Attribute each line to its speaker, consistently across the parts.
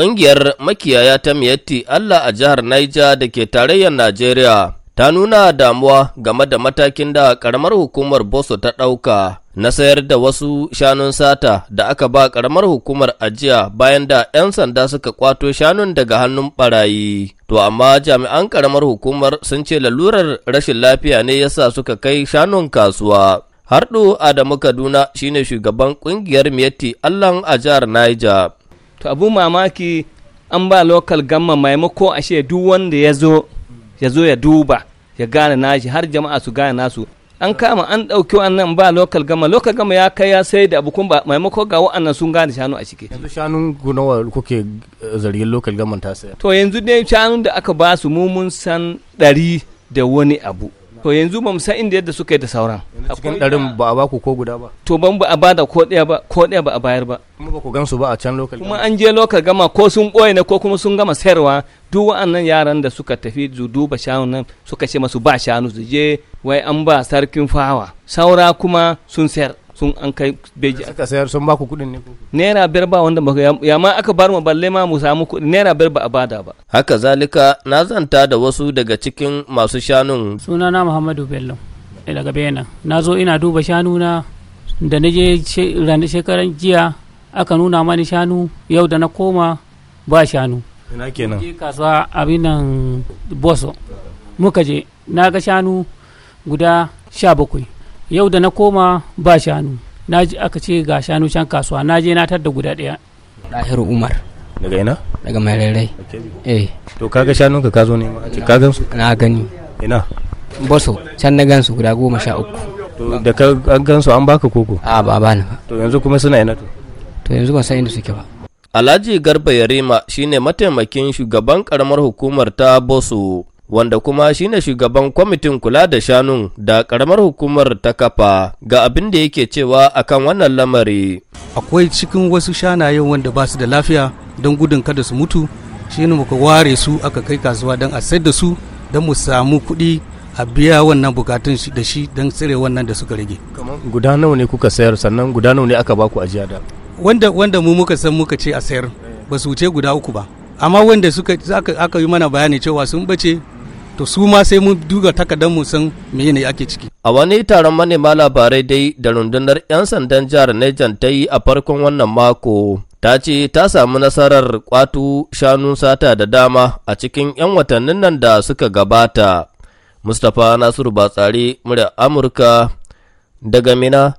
Speaker 1: Ƙungiyar makiyaya ta Miyatti Allah a jihar Niger da ke tarayyar Najeriya ta nuna damuwa game da matakin da ƙaramar hukumar Boso ta ɗauka na sayar da wasu shanun sata da aka ba ƙaramar hukumar ajiya bayan da 'yan sanda suka kwato shanun daga hannun ɓarayi. To amma jami'an ƙaramar hukumar sun ce lalurar rashin lafiya ne yasa suka kai shanun kasuwa. Harɗo Adamu Kaduna shine shugaban ƙungiyar Miyatti Allah a jihar Niger. to abu mamaki an ba local gamma maimako ashe duk wanda ya zo ya zo ya
Speaker 2: duba ya gane nashi har jama'a su gane nasu an kama an ɗauki wannan ba lokal gama lokal gama ya kai ya sai da abu kuma maimako ga wa'annan sun gane shanu a ciki
Speaker 1: yanzu shanun gunawa kuke eh, zargin lokal gaman ta saya
Speaker 2: to yanzu dai shanun da aka ba su mu mun san ɗari da wani abu to yanzu ba mu san inda yadda suka yi da sauran cikin ɗarin ba a baku ko guda ba to ban ba a bada ko ɗaya ba ko ɗaya ba a bayar ba kuma ba ku gansu ba a can lokal kuma an je lokal gama ko sun ɓoye ne ko kuma sun gama sayarwa duk wa'annan yaran da suka tafi su duba shanu nan suka ce masu ba shanu su je wai an ba sarkin fawa saura kuma sun sayar sun an kai beji suka
Speaker 1: sayar sun ba ku kuɗin ne
Speaker 2: naira biyar ba wanda ya ma aka bar mu balle
Speaker 3: ma mu samu kuɗi naira biyar ba a bada ba
Speaker 1: haka zalika na zanta da wasu daga cikin masu shanun
Speaker 3: sunana muhammadu bello eh, daga benin na zo ina duba shanu na da na je shekaran jiya aka nuna mani shanu yau da na koma ba shanu ina kenan je kasuwa abin nan boso muka je na ga shanu guda sha bakwai yau da na koma ba shanu na ji aka ce ga shanu can kasuwa na je na tar da guda ɗaya ɗahiru
Speaker 2: umar daga ina daga mai eh to kaga shanun ka zo ne ma ka gan su na gani ina boso can na gan su guda goma sha uku to da ka gan su an baka koko a ba ba ba to yanzu kuma suna ina to to yanzu ba san inda suke ba
Speaker 1: Alhaji Garba Yarima shine mataimakin shugaban karamar hukumar ta Boso wanda kuma shine shugaban kwamitin kula da shanun da karamar hukumar ta kafa ga abin da yake cewa akan wannan lamari.
Speaker 2: Akwai cikin wasu shanayen wanda ba su da lafiya don gudun kada su mutu, shi ne muka ware su aka kai kasuwa don a sayar da su don mu samu kuɗi a biya wannan bukatun da shi don tsire wannan da suka rage.
Speaker 1: Guda nawa ne kuka sayar sannan guda nawa ne aka baku ajiya da?
Speaker 2: Wanda wanda mu muka san muka ce a sayar ba su wuce guda uku ba. amma wanda suka aka yi mana bayani cewa sun bace to su ma sai
Speaker 1: mun duga takardar mu san me ne ake ciki a wani taron manema labarai dai da rundunar 'yan sandan jihar Niger ta yi a farkon wannan mako ta ce ta samu nasarar kwatu shanu sata da dama a cikin 'yan watannin nan da suka gabata. Mustapha Nasiru Batsari murya Amurka daga Mina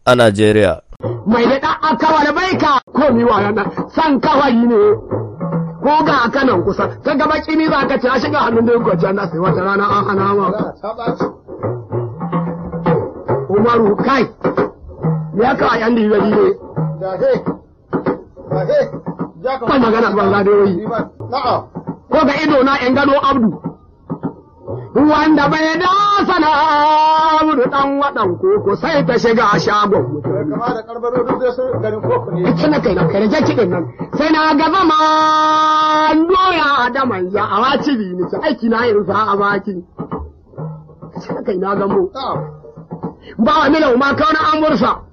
Speaker 1: a Najeriya.
Speaker 4: Mai da aka wani baika komi wa nan san kawai ne. ko ga a kanan kusa ka gaba kimi za ka ce a shiga hannun da yukwaci na sai wata rana an hana ma umaru kai me ya kawo yan dibi ne kan magana ban zadoyi ko ga ido na yan gano abdu wanda bai da sana wuri dan wadan koko sai ta shiga shagon kama da karbaro duk zai so garin koko ne kina kai na kare jaki din nan sai na gaba ma doya da manja a waci bi ni aiki na yin sa a baki kina kai na gamo ba wa mila ma kauna an bursa